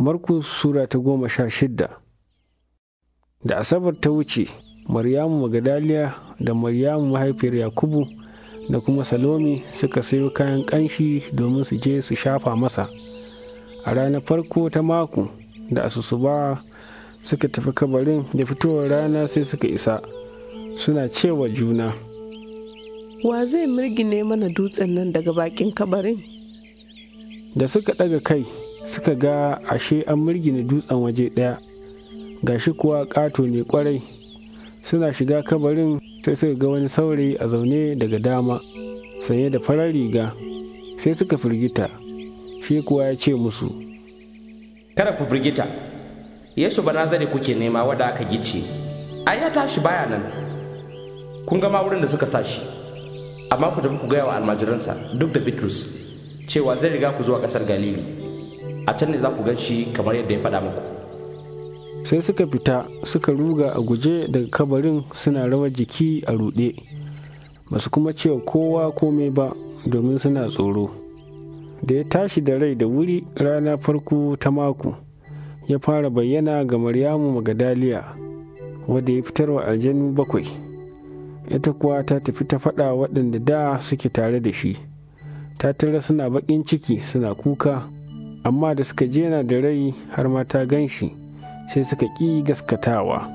Markus Sura ta goma sha shidda Da Asabar ta wuce, Maryamu Magadaliya da Maryamu mahaifiyar Yakubu da kuma Salomi suka sayo kayan ƙanshi domin su je su shafa masa. A ranar farko ta mako da asusuba suka tafi kabarin da fitowar rana sai suka isa, suna cewa juna. Wa zai mirgine mana dutsen nan daga bakin kabarin? Da suka ɗaga kai. suka ga ashe an mirgina dutsen waje ɗaya ga shi kuwa ƙato ne ƙwarai suna shiga kabarin sai suka ga wani saurayi a zaune daga dama sanye da farar riga sai suka firgita shi kuwa ya ce musu kada ku firgita yesu zare kuke nema wada aka gice ai ya tashi baya nan kun gama wurin da suka sa shi amma ku tafi ku gaya wa almajiransa duk da bitrus cewa zai riga ku zuwa ƙasar galili a can ne za ku gan kamar yadda ya faɗa muku sai suka fita suka ruga a guje daga kabarin suna rawar jiki a ruɗe basu kuma cewa kowa komai ba domin suna tsoro da ya tashi da rai da wuri rana farko ta mako ya fara bayyana ga maryamu magadaliya wadda ya fitar wa aljanu bakwai ita kuwa ta tafi ta faɗa waɗanda da suke tare da shi ta tara suna baƙin ciki suna kuka amma da suka je yana da rai har mata ta gan shi sai suka ƙi gaskatawa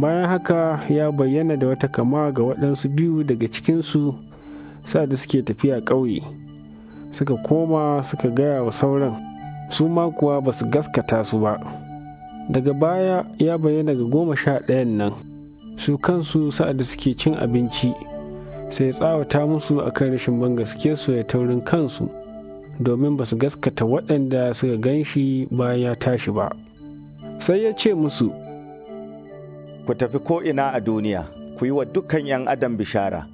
bayan haka ya bayyana da wata kama ga waɗansu biyu daga cikinsu sa da suke tafiya ƙauye suka koma suka gaya wa sauran su ma kuwa ba su gaskata su ba daga baya ya bayyana ga goma sha ɗayan nan su kansu sa'ad da suke cin abinci sai tsawata musu a akan rashin ban gaske su ya taurin kansu domin ba su gaskata waɗanda suka gan shi bayan ya tashi ba sai ya ce musu ku tafi ko'ina a duniya ku yi wa dukkan 'yan adam bishara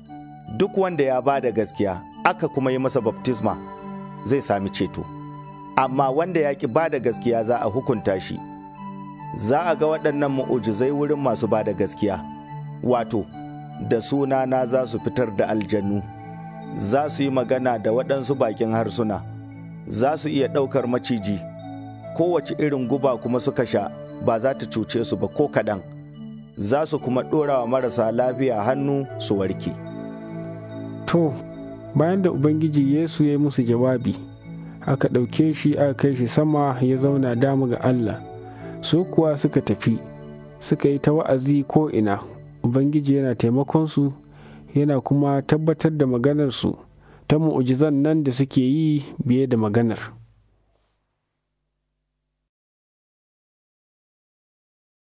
duk wanda ya ba da gaskiya aka kuma yi masa baptisma zai sami ceto amma wanda ya ki ba da gaskiya za a hukunta shi za a ga waɗannan mu'ujizai wurin masu ba da gaskiya wato da sunana za su fitar da aljanu za su yi magana da waɗansu bakin harsuna za su iya ɗaukar maciji kowace irin guba kuma suka sha ba za ta cuce su ba ko kaɗan za su kuma ɗora wa marasa lafiya hannu su warke. To, bayan da Ubangiji Yesu ya yi musu jawabi, aka ɗauke shi aka kai shi sama ya zauna damu ga Allah, su kuwa suka tafi, suka yi ta wa'azi ko'ina. Ubangiji yana taimakonsu, yana kuma tabbatar da maganarsu. ta mu'ujizan nan da suke yi biye da maganar